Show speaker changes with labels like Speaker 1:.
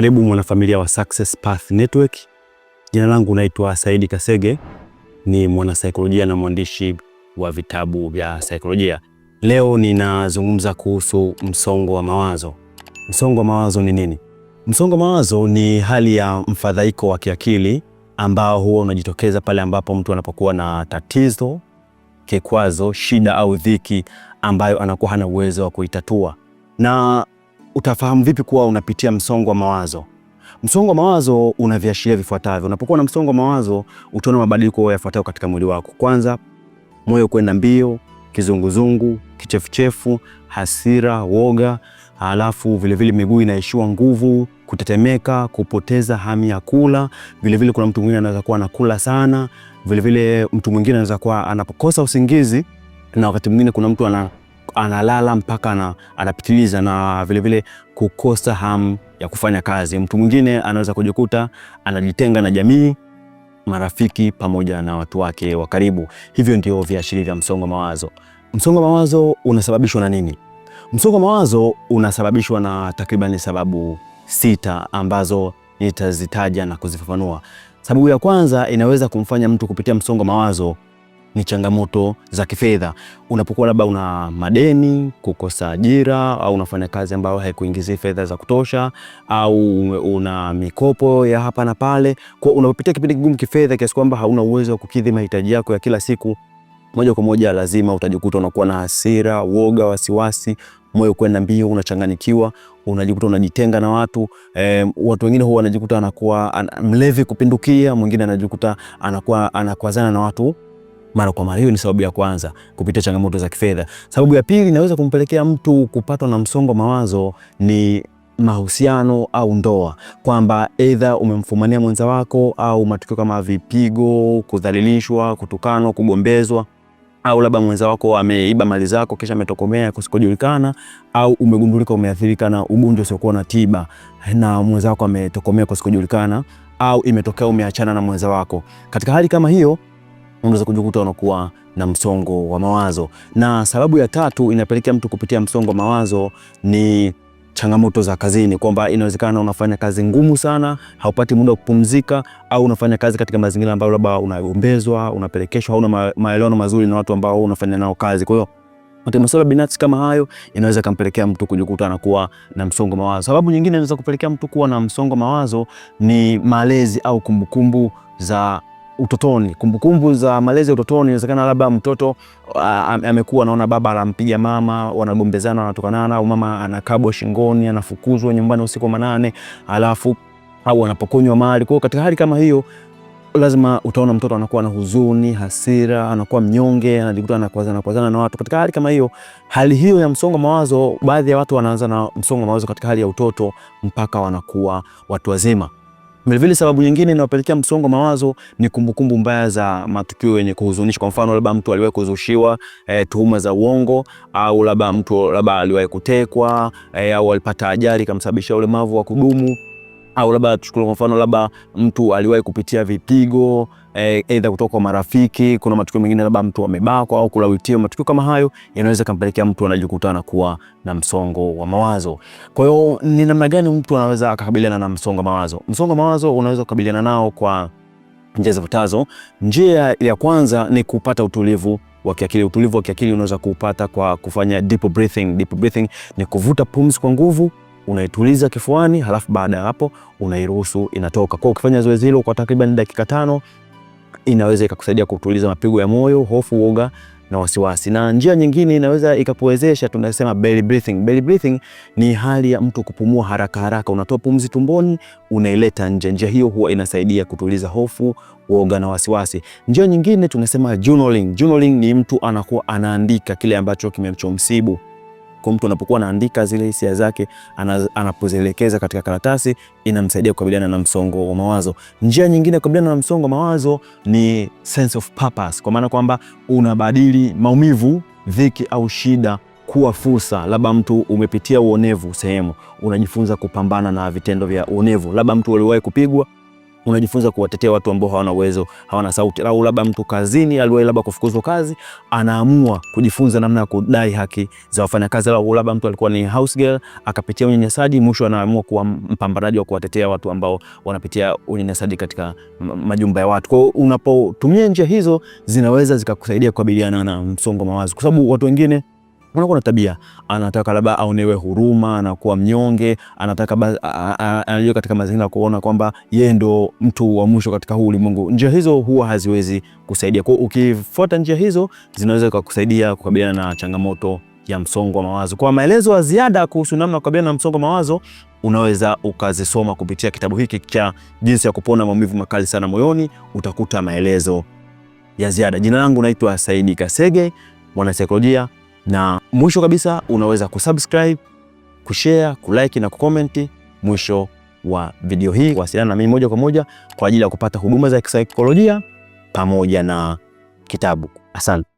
Speaker 1: Karibu mwanafamilia wa Success Path Network. Jina langu naitwa Saidi Kasege, ni mwanasaikolojia na mwandishi wa vitabu vya saikolojia. Leo ninazungumza kuhusu msongo wa mawazo. Msongo wa mawazo ni nini? Msongo wa mawazo ni hali ya mfadhaiko wa kiakili ambao huwa unajitokeza pale ambapo mtu anapokuwa na tatizo, kikwazo, shida au dhiki ambayo anakuwa hana uwezo wa kuitatua na utafahamu vipi kuwa unapitia msongo wa mawazo? Msongo wa mawazo una viashiria vifuatavyo. Unapokuwa na msongo wa mawazo, utaona mabadiliko yafuatayo katika mwili wako. Kwanza, moyo kwenda mbio, kizunguzungu, kichefuchefu, hasira, woga. Halafu vilevile miguu inaishiwa nguvu, kutetemeka, kupoteza hamu ya kula. Vilevile kuna mtu mwingine anaweza kuwa anakula sana. Vilevile mtu mwingine anaweza kuwa anapokosa usingizi, na wakati mwingine kuna mtu ana analala mpaka na, anapitiliza na vilevile kukosa hamu ya kufanya kazi. Mtu mwingine anaweza kujikuta anajitenga na jamii, marafiki pamoja na watu wake wa karibu. Hivyo ndio viashiria vya msongo mawazo. Msongo mawazo unasababishwa na nini? Msongo mawazo unasababishwa na takribani sababu sita ambazo nitazitaja na kuzifafanua. Sababu ya kwanza inaweza kumfanya mtu kupitia msongo mawazo ni changamoto za kifedha. Unapokuwa labda una madeni, kukosa ajira, au unafanya kazi ambayo haikuingizi fedha za kutosha, au una mikopo ya hapa na pale, kwa unapopitia kipindi kigumu kifedha kiasi kwamba hauna uwezo wa kukidhi mahitaji yako ya kila siku, moja kwa moja lazima utajikuta unakuwa na hasira, woga, wasiwasi moyo kwenda mbio, unachanganyikiwa, unajikuta unajitenga na watu e, watu wengine huwa wanajikuta anakuwa an, mlevi kupindukia, mwingine anajikuta anakuwa anakwazana na watu mara kwa mara. Hiyo ni sababu ya kwanza, kupitia changamoto za kifedha. Sababu ya pili inaweza kumpelekea mtu kupatwa na msongo mawazo ni mahusiano au ndoa, kwamba aidha umemfumania mwenza wako au matukio kama vipigo, kudhalilishwa, kutukanwa, kugombezwa au labda mwenza wako ameiba mali zako kisha ametokomea kusikojulikana, au umegundulika umeathirika na ugonjwa usiokuwa na tiba na mwenza wako ametokomea kusikojulikana, au imetokea umeachana na mwenza wako. Katika hali kama hiyo unaweza kujikuta unakuwa na msongo wa mawazo. Na sababu ya tatu inapelekea mtu kupitia msongo wa mawazo ni changamoto za kazini, kwamba inawezekana unafanya kazi ngumu sana, haupati muda wa kupumzika, au unafanya kazi katika mazingira ambayo labda unaombezwa, unapelekeshwa, hauna maelewano mazuri na watu ambao unafanya nao kazi. Kwa hiyo masuala binafsi kama hayo inaweza kampelekea mtu kujikuta anakuwa na msongo mawazo. Sababu nyingine inaweza kupelekea mtu kuwa na msongo mawazo ni malezi au kumbukumbu za utotoni, kumbukumbu za malezi ya utotoni. Inawezekana labda mtoto amekuwa anaona baba anampiga mama, wanagombezana, wanatukanana, au mama anakabwa shingoni, anafukuzwa nyumbani usiku manane, alafu au anapokonywa mali. Kwa hiyo katika hali kama hiyo lazima utaona mtoto anakuwa na huzuni, hasira, anakuwa mnyonge, anajikuta anakwazana na watu. Katika hali kama hiyo, hali hiyo ya msongo wa mawazo, baadhi ya watu wanaanza na msongo wa mawazo katika hali ya utoto mpaka wanakuwa watu wazima. Vilevile sababu nyingine inayopelekea msongo wa mawazo ni kumbukumbu mbaya za matukio yenye kuhuzunisha. Kwa mfano, labda mtu aliwahi kuzushiwa e, tuhuma za uongo au labda mtu labda aliwahi kutekwa e, au alipata ajali ikamsababisha ulemavu wa kudumu au labda tuchukue kwa mfano, labda mtu aliwahi kupitia vipigo E, aidha e, kutoka kwa marafiki. Kuna matukio mengine labda mtu amebakwa au kulawitiwa, matukio kama hayo yanaweza kampelekea mtu anajikutana kuwa na msongo wa mawazo. Kwa hiyo ni namna gani mtu anaweza akakabiliana na msongo wa mawazo? Msongo wa mawazo unaweza kukabiliana nao kwa njia zifuatazo. Njia ya kwanza ni kupata utulivu wa kiakili. Utulivu wa kiakili unaweza kuupata kwa kufanya deep breathing. Deep breathing ni kuvuta pumzi kwa nguvu unaituliza kifuani, halafu baada ya hapo unairuhusu inatoka. Kwa ukifanya zoezi hilo kwa takriban dakika tano inaweza ikakusaidia kutuliza mapigo ya moyo, hofu, uoga na wasiwasi. Na njia nyingine inaweza ikakuwezesha, tunasema belly breathing. Belly breathing ni hali ya mtu kupumua haraka haraka, unatoa pumzi tumboni unaileta nje. Njia hiyo huwa inasaidia kutuliza hofu, uoga na wasiwasi. Njia nyingine tunasema journaling. Journaling ni mtu anakuwa anaandika kile ambacho kimemchomsibu kwa mtu anapokuwa anaandika zile hisia zake anapozielekeza katika karatasi, inamsaidia kukabiliana na msongo wa mawazo. Njia nyingine ya kukabiliana na msongo wa mawazo ni sense of purpose, kwa maana kwamba unabadili maumivu, dhiki au shida kuwa fursa. Labda mtu umepitia uonevu sehemu, unajifunza kupambana na vitendo vya uonevu. Labda mtu uliwahi kupigwa unajifunza kuwatetea watu ambao hawana uwezo, hawana sauti, au labda mtu kazini aliwahi labda kufukuzwa kazi, anaamua kujifunza namna ya kudai haki za wafanyakazi, au labda mtu alikuwa ni house girl akapitia unyanyasaji, mwisho anaamua kuwa mpambanaji wa kuwatetea watu ambao wanapitia unyanyasaji katika majumba ya watu. Kwa hiyo unapotumia njia hizo, zinaweza zikakusaidia kukabiliana na msongo wa mawazo, kwa sababu watu wengine unakuwa na tabia, anataka labda aonewe huruma, anakuwa mnyonge, anataka anajua katika mazingira kuona kwamba yeye ndo mtu wa mwisho katika huu ulimwengu. Njia hizo huwa haziwezi kusaidia. Kwa ukifuata njia hizo zinaweza kukusaidia kukabiliana na changamoto ya msongo wa mawazo. Kwa maelezo ya ziada kuhusu namna ya kukabiliana na msongo wa mawazo unaweza ukazisoma kupitia kitabu hiki cha Jinsi ya Kupona Maumivu Makali Sana Moyoni, utakuta maelezo ya ziada. Jina langu naitwa Saidi Kasege, mwanasaikolojia na mwisho kabisa unaweza kusubscribe, kushare, kulike na kukomenti. Mwisho wa video hii wasiliana na mimi moja kwa moja kwa ajili ya kupata huduma za kisaikolojia pamoja na kitabu. Asante.